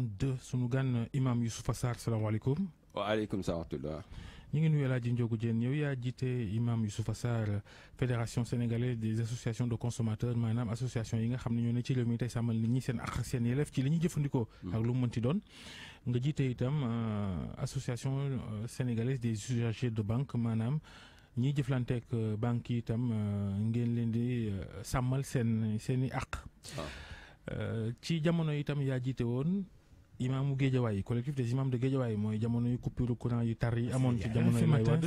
52 sunu gan imaam Youssoufa Sarr salaamaaleykum. waaleykum salaam wa rahmatulah. ñu ngi nuyu El Hadj Ndiogou Diène yow yaa jiite imaam Youssoufa Sarr fédération sénégalaise des associations de consommateurs maanaam association yi nga xam ne ñoo ne ci réew mi tey sàmmal nit ñi seen ak seen yelleef ci li jëfandikoo. ak lu mu doon. nga jiite itam association sénégalaise des usagers de banque maanaam ñiy jëflanteeg banque yi itam ngeen leen di sàmmal seen seen i ak. ci jamono itam imaamu géejawaay yi collectif des imams de géejawaay yi mooy jamonoy yu coupure courant yu tar yi amoon ci jamono may wadd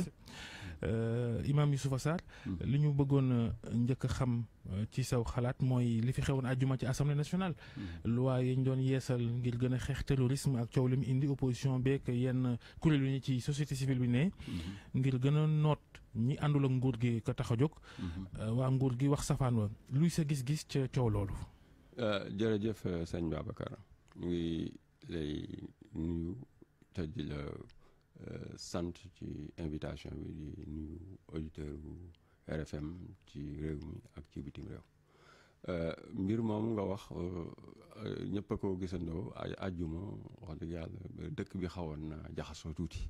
euh, imaam Youssoufa Sarr hmm. li ñu bëggoon euh, njëkk xam euh, ci saw xalaat mooy li fi xewoon àjjuma ci assemblée national hmm. loi yi ñu doon yeesal ngir gën a xeex terrorisme ak coow li mu indi opposition beek yenn kuréel yu ni ci société civile bi ne hmm. ngir gën noot ñi àndul ak nguur gi ko tax a jóg waa nguur gi wax safaan wa luy sa gis-gis ca coow loolu sëñ Babacar lay nuyu te la euh, sant ci invitation bi di nuyu auditeur bu RFM ci réew mi ak ci bitim réew euh, mbir moom nga wax euh, ñëpp a ko gisandoo ay àjjuma wax dëgg yàlla dëkk bi xawoon naa jaxasoo tuuti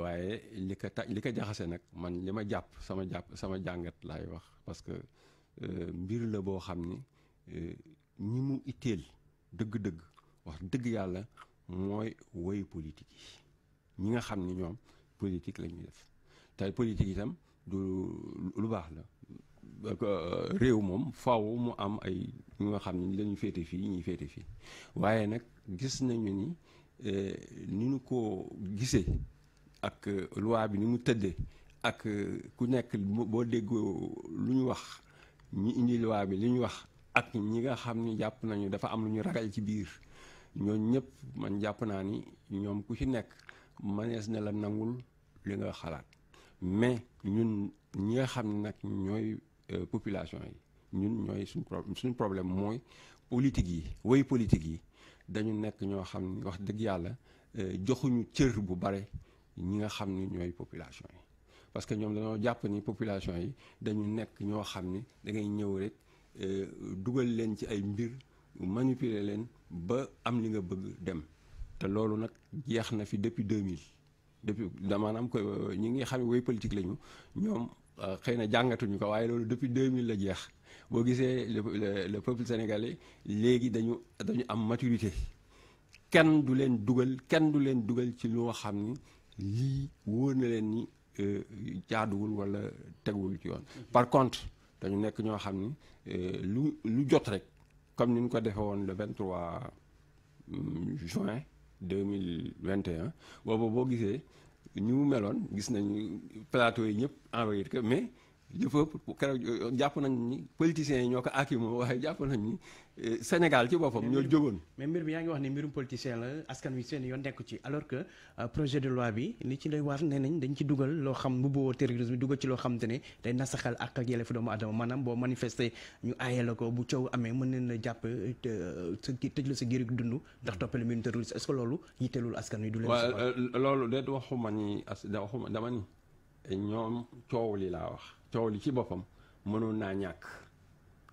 waaye li ko ta li ko jaxase nag man li ma jàpp sama jàpp sama jàngat laay wax parce que mbir la boo xam ni ñi mu itteel dëgg-dëgg wax dëgg yàlla mooy woyu politique yi ñi nga xam ni ñoom politique lañuy def te politique itam du lu baax la euh, réew moom faaw mu am ay ñi nga xam ni dañuy féete fii ñuy féete fii waaye nag gis nañu ni euh, nu ñu ko gisee ak euh, loi bi ni mu tëddee ak ku nekk boo déggoo lu ñu wax ñi indi loi bi li ñu wax ak ñi nga xam ni jàpp nañu dafa am lu ñu ragal ci biir ñooñu ñëpp man jàpp naa ni ñoom ku ci nekk manees na la nangul li nga xalaat mais ñun ñi nga xam ne nag ñooy euh, population yi ñun ñooy suñ problème mooy politique yi woy politique yi dañu nekk ñoo xam ne wax dëgg yàlla euh, joxuñu cër bu bare ñi nga xam ni ñooy population yi parce que ñoom dañoo jàpp ni population yi dañu nekk ñoo xam ni da ngay ñëw rek euh, dugal leen ci ay mbir manipuler leen ba am li nga bëgg dem te loolu nag jeex na fi depuis 2000 depuis maanaam ko ñi ngi xam ne way politique lañu ñoom euh, xëy na jàngatuñu ko waaye loolu depuis mil la jeex boo gisee le le peuple sénégalais léegi dañu dañu am maturité kenn du leen dugal kenn du leen dugal ci loo xam ni lii wóor na leen ni euh, jaaduwul walla teguwul ci yoon. par contre dañu nekk ñoo xam ni euh, lu lu jot rek. comme ni ñu ko defee woon le 23 mm, juin 2021 boobu boo gisee ñu meloon gis nañu plateau yi ñëpp envoyé que mais le peuple jàpp nañ ni politiciens yi ñoo ko ak moom waaye jàpp nañ ni euh, Sénégal ci boppam ñoo jógoon mais mbir mi yaa ngi wax ni mbirum politicien la askan wi seen yoon nekku ci alors que euh, projet de loi bi li ci lay war nee nañ dañ ci dugal loo xam mbubboo terrorisme dugal ci loo xam te ne day nasaxal ak ak yelleefu doomu adama maanaam boo manifester ñu aaye la ko bu coow amee mën nañ la jàpp euh, sa tëj la sa gérig dund ndax toppale mbirum terroriste est ce que loolu yitteelul askan wi du leen waaw loolu de waxuma ni as waxuma dama ñoom coow li laa wax coow li ci boppam mënoon naa ñàkk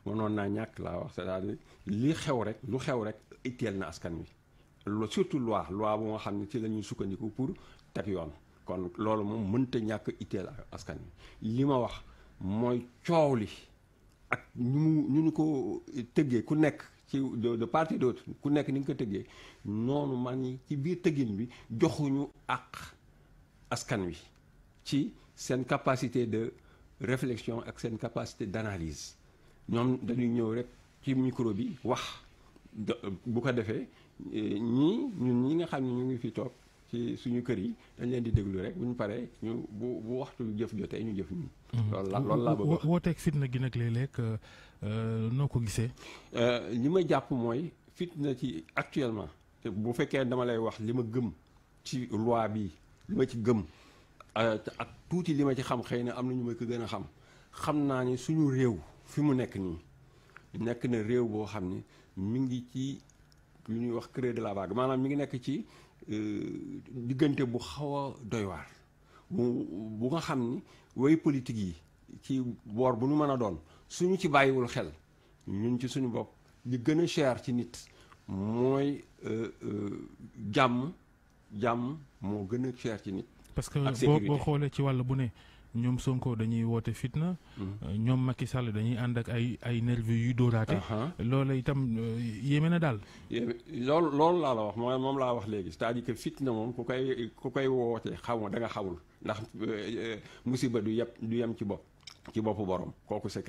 mënoon naa ñàkk laa wax c'est-à-dire li xew rek lu xew rek itteel na askan wi lo surtout loi loi bu nga xam ne ci lañuy sukkandiku pour teg yoon kon loolu moom mënta ñàkk itteel askan wi li ma wax mooy coow li ak ñu mu ñu ko tëggee ku nekk ci de part et ku nekk ni nga ko tëggee noonu man ñi ci biir tëggin bi joxuñu àq askan wi ci seen capacité de réflexion ak seen capacité d'analyse ñoom dañuy ñëw rek ci micro bi wax bu ko defee eh, ñii ñun ñi nga xam ne ñu ngi fi toog ci suñu kër yi dañ leen di déglu rek bu ñu paree ñu bu bu waxtu jëf jotee ñu jëf ñun. Mm-hmm. loolu la loolu laa bëgg wax wooteeg fitna gi nag léeg-léeg euh, euh, noo ko gisee. Euh, li ma jàpp mooy fitna ci actuellement te bu fekkee dama lay wax li ma gëm ci loi bi li ma ci gëm. Euh, ak tuuti li ma ci xam xëy na am na ñu ma ko gën a xam xam naa ni suñu réew fi mu nekk nii nekk na réew boo xam ni mi ngi ci lu ñuy wax creux la vague maanaam mi ngi nekk ci euh, diggante bu xaw a doy waar bu nga xam ni way politique yi ci boor bu nu mën a doon suñu ci bàyyiwul xel ñun ci suñu bopp li gën a cher ci nit mooy euh, jàmm jàmm moo gën a cher ci nit parce que boo boo xoolee ci wàll bu ne ñoom Sonko dañuy woote fitna. Mm-hmm. ñoom Macky Sall dañuy ànd ak ay ay nervis yuy dóoraate. Uh-huh. loola itam euh, yéeme na daal. loolu loolu laa la wax mooy moom laa wax léegi c'est-à-dire fitna moom ku koy ku koy woote xaw ma danga nga xamul ndax euh, musiba du yem du yem ci bopp ci boppu borom kooku c'est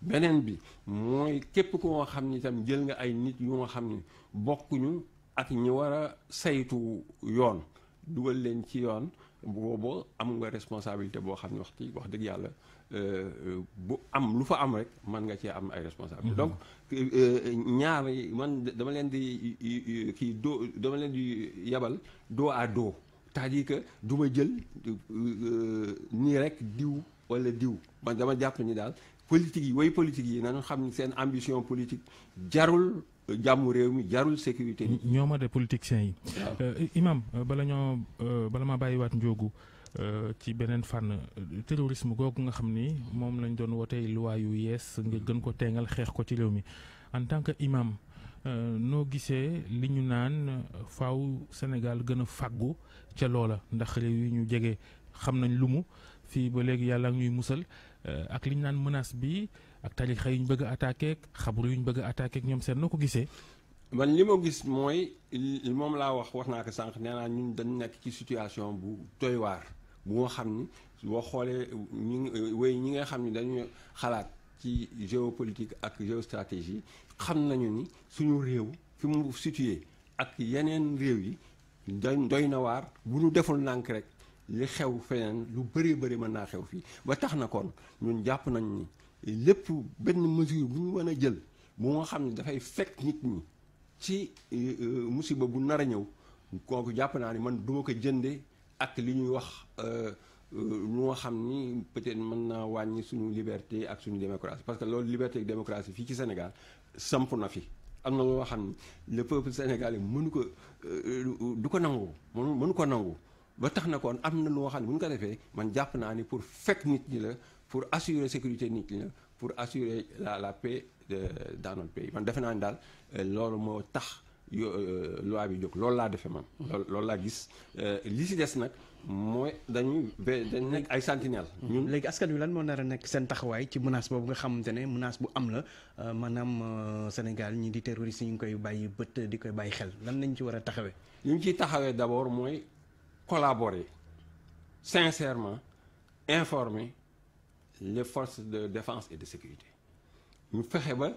beneen bi mooy képp ku nga xam ni itam jël nga ay nit yu nga xam ni bokkuñu ak ñi war a saytu yoon dugal leen ci yoon. booba am nga responsabilité boo xam ne waxti wax dëgg yàlla euh, bu am lu fa am rek man nga cee am ay responsabilité mm-hmm. donc euh, ñaar man dama leen di kii doo dama leen di yabal doo à doo c'est-à-dire du ma jël euh, nii rek diw wala diw man dama jàpp ni daal politique yi way politique yi na nañu xam ne seen ambition politique jarul jàmm réew mi jarul sécurité ñoo ma de politiciens yi. Euh, imaam euh, bala ñoo euh, bala ma bàyyiwaat njóogu ci beneen fànn terrorisme googu nga xam ni moom lañ doon wootee loi yu yees ngir gën ko teengal xeex ko ci réew mi en tant que imam noo gisee li ñu naan faw Sénégal gën a fàggu ca loola ndax réew yi ñu jege xam nañ lu mu fii ba léegi yàlla ñuy musal ak li ñu naan menace bi. ak tarixa yu ñu bëgg a xabur yu ñu bëgg a attaqué ñoom seen noo ko gisee. man li ma gis mooy moom laa wax wax naa ko sànq nee naa ñun dañ nekk ci situation bu doy waar bu nga xam ni boo xoolee ñu wéy ñi nga xam ni dañu xalaat ci géopolitique ak géostratégie xam nañu ni suñu réew fi mu situé ak yeneen réew yi dañ doy na waar bu ñu deful nànk rek li xew feneen lu bëree bëri mën naa xew fii ba tax na kon ñun jàpp nañ ni. lépp benn mesure bu ñu mën a jël bu nga xam ne dafay fekk nit ñi ci euh, euh, musiba bu nar a ñëw kooku jàpp naa ni man duma ko jënde ak li ñuy wax euh, lu nga xam ni peut-être mën naa wàññi suñu liberté ak suñu démocratie parce que loolu liberté ak démocratie fii ci Sénégal samp na fi am na loo xam ni le peuple sénégalais mënu ko du ko nangu mënu ko nangu ba tax na kon am na loo xam ne bu ñu ko defee man jàpp naa ni pour fekk nit ñi la pour assurer sécurité nit ñi pour assurer la la paix dans notre pays man defe naa ne daal euh, loolu moo tax yo euh, loi bi jóg loolu laa defee man. loolu laa gis euh, li si des nag mooy dañuy dañ nekk ay sentinelle mm-hmm. ñun léegi askan wi lan moo nar a nekk seen taxawaay ci menace boobu nga xamante ne menace bu am la maanaam Sénégal ñi di terroriste ñu ngi koy bàyyi bët di koy bàyyi xel lan lañu ci war a taxawe li ñu ciy taxawee d' abord mooy collaborer sincèrement informer. les forces de défense et de sécurité ñu fexe ba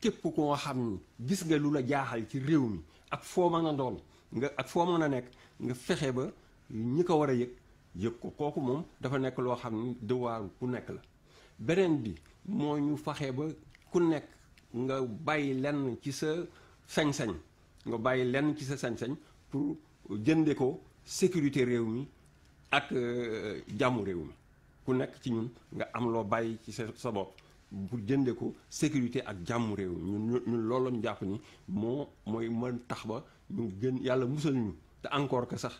képp koo xam ni gis nga lu la jaaxal ci réew mi ak foo mën a doon nga ak foo mën a nekk nga fexe ba ñi ko war a yëg yëg ko kooku moom dafa nekk loo xam ni devoir ku nekk la beneen bi moo ñu fexe ba ku nekk nga bàyyi lenn ci sa sañ-sañ nga bàyyi lenn ci sa sañ-sañ pour jënde ko sécurité réew mi ak euh, jàmmu réew mi ku nekk ci ñun nga am loo bàyyi ci sa sa bu jëndee ko sécurité ak jàmm réew ñun ñun loolu lañu jàpp ni moo mooy mën tax ba ñu gën yàlla musal ñu te encore que sax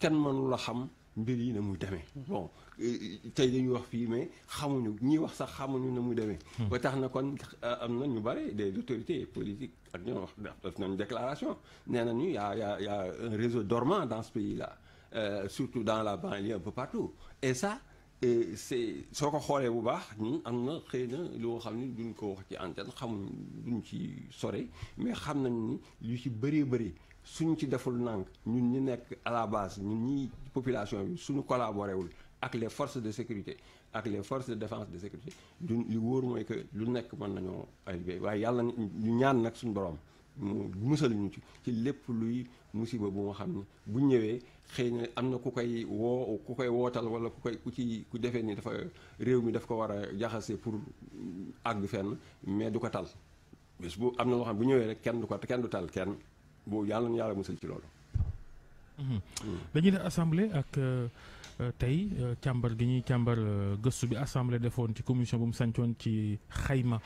kenn mënu la xam mbir yi na muy demee bon euh, tey dañuy wax fii mais xamuñu ñiy wax sax xamuñu na muy demee hmm. ba tax na kon euh, am na ñu bare des autorités politiques ak ñoo wax def nañu déclaration nee nañu yaa yaa yaa un réseau dormant dans ce pays là euh, surtout dans la banlieue un peu partout et ça c'est soo ko xoolee bu baax ñun am na xëy na loo xam ni duñ ko wax ci antenne xamuñ duñ ci sore mais xam nañ ni lu ci bëree bëri suñ ci deful nànk ñun ñu nekk à ñu base ñi population bi suñu collaboré wul ak les forces de sécurité ak les forces de défense de sécurité duñ li wóor mooy que lu nekk mën nañoo arrivé waaye yàlla ñu ñaan nag suñu borom. mu musal ñu ci ci lépp luy musiba bu nga xam ne bu ñëwee xëy na am na ku koy woo ku koy wootal wala ku koy ku ci ku defee ni dafa réew mi daf ko war a jaxase pour àgg fenn mais du ko tal bés boo am na loo xam bu ñëwee rek kenn du ko kenn du tal kenn boo yàlla na yàlla musal ci loolu. Mhm. Mm. dañuy def assemblée ak. Euh, euh, tey euh, càmbar gi ñuy càmbar gëstu bi assemblée defoon ci commission bu mu sancoon ci xayma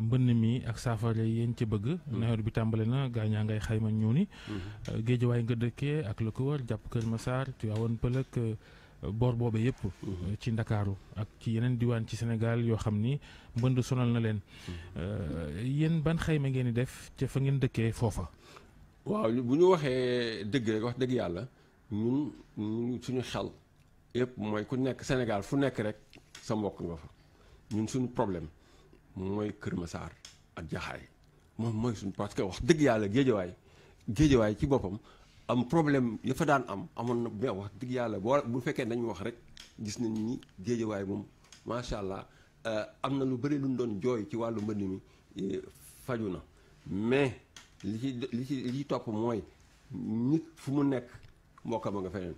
mbënn mi ak saafara yéen ci bëgg. Hmm. nawet bi tàmbali na gaañaa ngay xayma ñëw ni. Hmm. Euh, géejawaay nga dëkkee ak la ko wër jàpp Kër Massar Tivaouane Pël ak euh, boor boobe yëpp. Hmm. Euh, ci ndakaaru ak ci yeneen diwaan ci senegal yoo xam ni mbënd sonal na leen. yéen ban xayma ngeen di def ca fa ngeen dëkkee foofa. waaw bu ñu waxee dëgg rek wax dëgg yàlla ñun suñu xel yëpp mooy ku nekk senegal fu nekk rek sa mbokk nga fa ñun suñu problème. mooy Kër Massar ak Jaxaay moom mooy suñ parce que wax dëgg yàlla géejawaay géejawaay ci boppam am problème ya daan am amoon na mais wax dëgg yàlla boo bu fekkee dañu wax rek gis nañ ni géejawaay moom macha allah euh, am na lu bëri lu ñu doon jooy ci wàllu mbënd mi euh, faju na mais li ci li ci li ci topp mooy nit fu mu nekk mbokkam ma nga feneen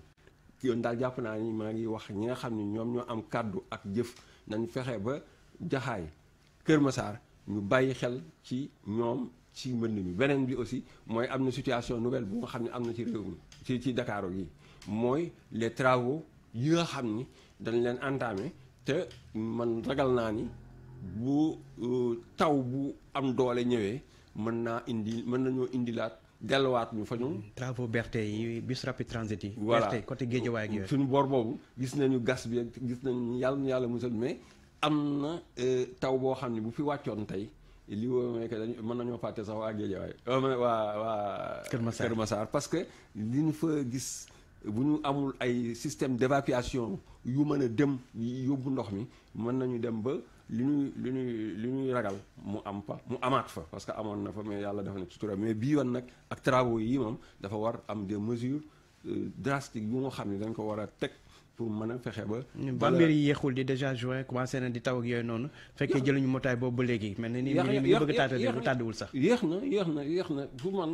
yoon daal jàpp naa ni maa ngi wax ñi nga xam ne ñoom ñoo am kàddu ak jëf nañ fexe ba jaxaay Kër Massar ñu bàyyi xel ci ñoom ci mën bi beneen bi aussi mooy am na situation nouvelle bu nga xam ne am na ci réew mi ci ci Dakar yi mooy les travaux yi nga xam ni dañ leen entamé te man ragal naa ni bu euh, taw bu am doole ñëwee mën naa indi mën nañoo indilaat delluwaat ñu fa ñu. Mm, travaux BRT yi bus rapid transit yi. voilà BRT côté Guédiawaye ak yooyu. suñu boor boobu gis nañu gas bi gis nañu yàlla na yàlla musal mais. am na euh, taw boo xam ne bu fi wàccoon tey li woo mooy que dañ mën nañoo fàtte sax waa Géejawaay euh, waa waa Kër Massar parce que li ñu fa gis bu ñu amul ay système d'évacuation yu mën a dem yóbbu ndox mi mën nañu dem ba li ñuy li ñuy li ñuy ragal mu am fa mu amaat fa parce que amoon na fa mais yàlla dafa nekk sutura mais bii yoon nag ak travaux yi moom dafa war am des mesures euh, drastiques yu nga xam ne dañ ko war a teg pour mën a fexe ba. ba mbir yi yéexul di déjà juin commencé na di taw ak yooyu noonu. fekkee jëluñu motaay boobu ba léegi. mel na ni ni ñu bëgg a sax. yéex na yéex na yéex na pour man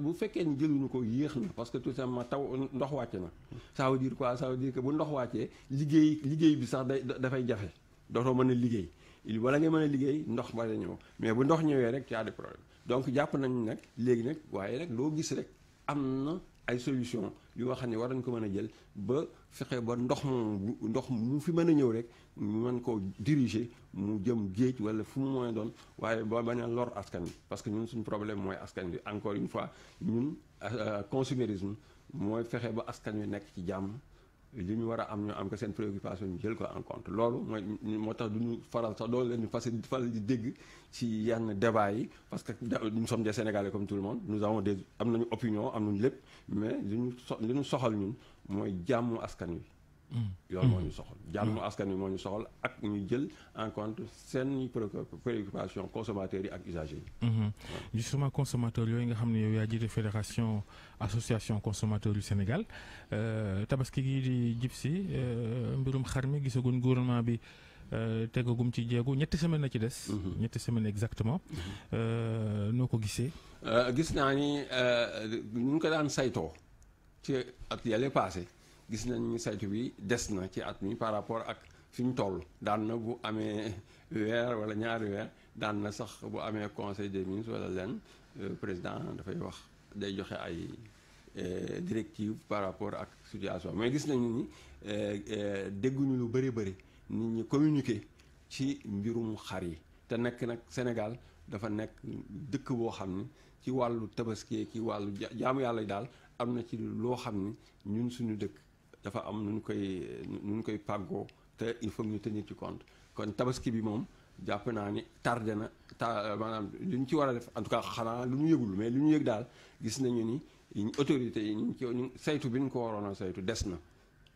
bu fekkee ni jëluñu ko yéex na parce que tout simplement taw ndox wàcc na. ça veut dire quoi ça veut dire que bu ndox wàccee liggéey liggéey bi sax dafay jafe dootoo mën a liggéey wala ngay mën a liggéey ndox ba la ñëw mais bu ndox ñëwee rek y a des donc jàpp ay solution yoo xam ne war nañ ko mën a jël ba fexe ba ndox moom ndox mu fi mën a ñëw rek ñu mën koo diriger mu jëm géej wala fu mu mën doon waaye ba bañ a lor askan bi parce que ñu suñu problème mooy askan bi encore une fois ñun euh, euh, consumérisme mooy fexe ba askan wi nekk ci jàmm li ñu war a am ñu am ko seen préoccupation ñu jël ko en compte loolu mooy moo tax du ñu faral sax loolu leen ñu fas faral di dégg ci yenn débat yi parce que nous som des Sénégalais comme tout le monde nous avons des am nañu opinion am nañu lépp mais li ñu so li ñu soxal ñun mooy jàmm askan wi loolu mm. moo mm. ñu soxal jàmm mm. askan wi moo ñu soxal ak ñu jël en compte seen préoccupation consommateurs yi ak usagers yi mm-hmm. justement consommateurs yooyu nga xam ne yow yaa jiite fédération association consommateurs yu Sénégal euh, tabaski gi di jib si euh, mbirum xar mi gisaguñ gouvernement bi euh, tegagum ci jéego ñetti semaine na ci des mm-hmm. ñetti semaine exactement mm-hmm. noo ko gisee gis naa ni ñu ko daan saytoo ci at yàlla passé gis nañu saytu bi des na ci at mi par rapport ak fi toll daan na bu amee weer wala ñaari weer daan na sax bu amee conseil des ministres wala lenn euh, président dafay wax day joxe ay euh, directive par rapport ak situation mais gis nañu ni euh, dégguñu lu bëri bëri nit ñi communiquer ci mbirum xar yi te nekk nag Sénégal dafa nekk dëkk boo xam ni ci wàllu tabaski ci wàllu jaamu yàlla daal am na ci loo xam ni ñun suñu dëkk dafa am nu ñu koy nu ñu koy pàggoo te il faut ñu te ci compte kon tabaski bi moom jàpp naa ni tardé na ta maanaam lu ñu ci war a def en tout cas xanaa lu ñu yëgul mais lu ñu yëg daal gis nañu ni ñu autorités yi ñu saytu bi ñu ko waroon a saytu des na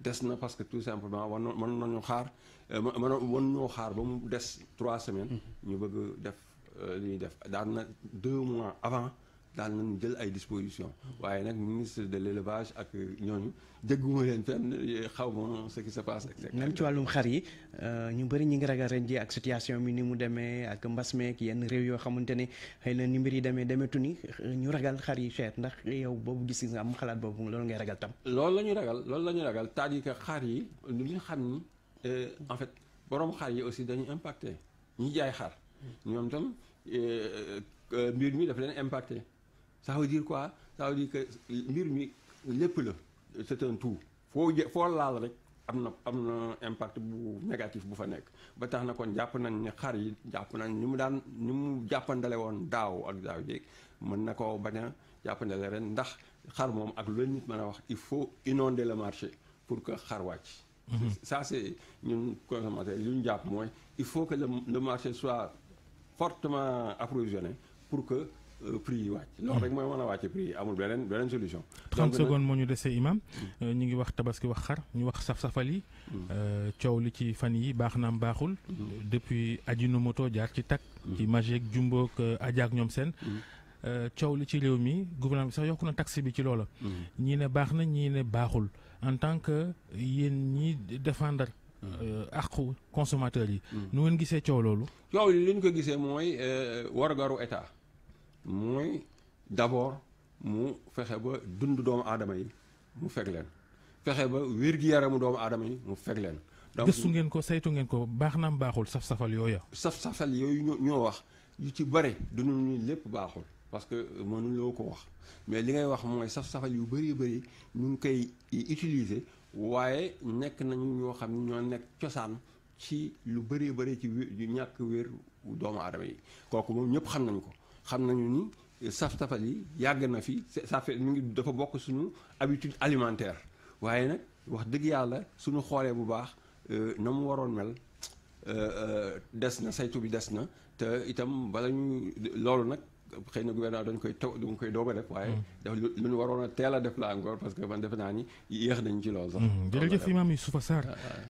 des na parce que tout simplement war na mën nañu xaar euh, mën wan ñoo xaar ba mu des trois semaines mm-hmm. ñu bëgg def euh, li ñuy def daan na deux mois avant daal na nañu jël ay dispositions waaye nag ministre de l' élevage ak ñooñu dégguma leen fenn xaw ma ce qui se passe. même ci wàllum xar yi euh, ñu bëri ñi ngi ragal ren ak situation bi ni mu demee ak mbas meek yenn réew yoo xamante ne xëy na ni mbir yi demee demeetu ni ñu ragal xar yi cher ndax yow boobu gis nga am xalaat boobu loolu ngay ragal tam. loolu la ñu ragal loolu la ñu ragal c'est-à-dire que xar yi lu nga xam ni euh, en fait boroom xar yi aussi dañu impacté ñi jaay xar ñoom tam euh, mbir mi daf leen impacté. ça veut dire quoi ça veut dire que mbir mi lépp la c'est un tout foo jë foo laal rek am na am na impact bu négatif bu fa nekk ba tax na kon jàpp nañ ne xar yi jàpp nañ ni mu daan ni mu jàppandale woon daaw ak daaw jéeg mën na koo bañ a jàppandale ren ndax xar moom ak lu nit mën a wax il faut inonder le marché pour que xar wàcc mhm. ça c'est ñun consommateur li ñu jàpp mooy il faut que le marché soit fortement approvisionné pour que Euh, prix yi wàcc. ndox mm. rek mooy mën a wàcc prix yi amul beneen beneen solution. donc 30 moo ñu dese imam euh, ñu ngi wax tabaski wax xar ñu wax saf-safal yi. Mm. Euh, coow li ci fan yi baax na naam baaxul. Mm. depuis moto jaar ci tak ci Magek jumbook ak ak ñoom seen. coow li ci réew mi gouvernement bi sax yokk na taxe bi ci loola. ñii ne baax na ñii ne baaxul en tant que yéen ñi défendre. àqu consommateur yi. nu ngeen gisee coow loolu. coow li ñu ko gisee mooy wargaru état. mooy d'abord mu fexe ba dund doomu aadama yi mu fekk leen fexe ba wér-gi-yaramu doomu aadama yi mu fekk leen. donc gëstu ngeen ko saytu ngeen ko baax naam baaxul saf-safal yooya. saf-safal yooyu ñoo wax yu ci bare du ñu lépp baaxul parce que mënuloo ko wax mais li ngay wax mooy saf-safal yu bëri bëri ñu ngi koy utiliser waaye nekk nañu ñoo xam ne ñoo nekk cosaan ci lu bëree bëri ci ñàkk wér doomu adama yi kooku moom ñëpp xam nañu ko. xam nañu ni saf safal yi yàgg na fi ça mu ngi dafa bokk suñu habitude alimentaire waaye nag wax dëgg yàlla suñu xoolee bu baax euh, na mu waroon mel euh, euh, des na saytu bi des na te itam bala ñu loolu nag xëy na gouvernement dañ koy taw dañ koy doog a def waaye mm. daf lu ñu waroon a teel a def la encore parce que man defe naa ni yéex nañu ci loolu sax mm.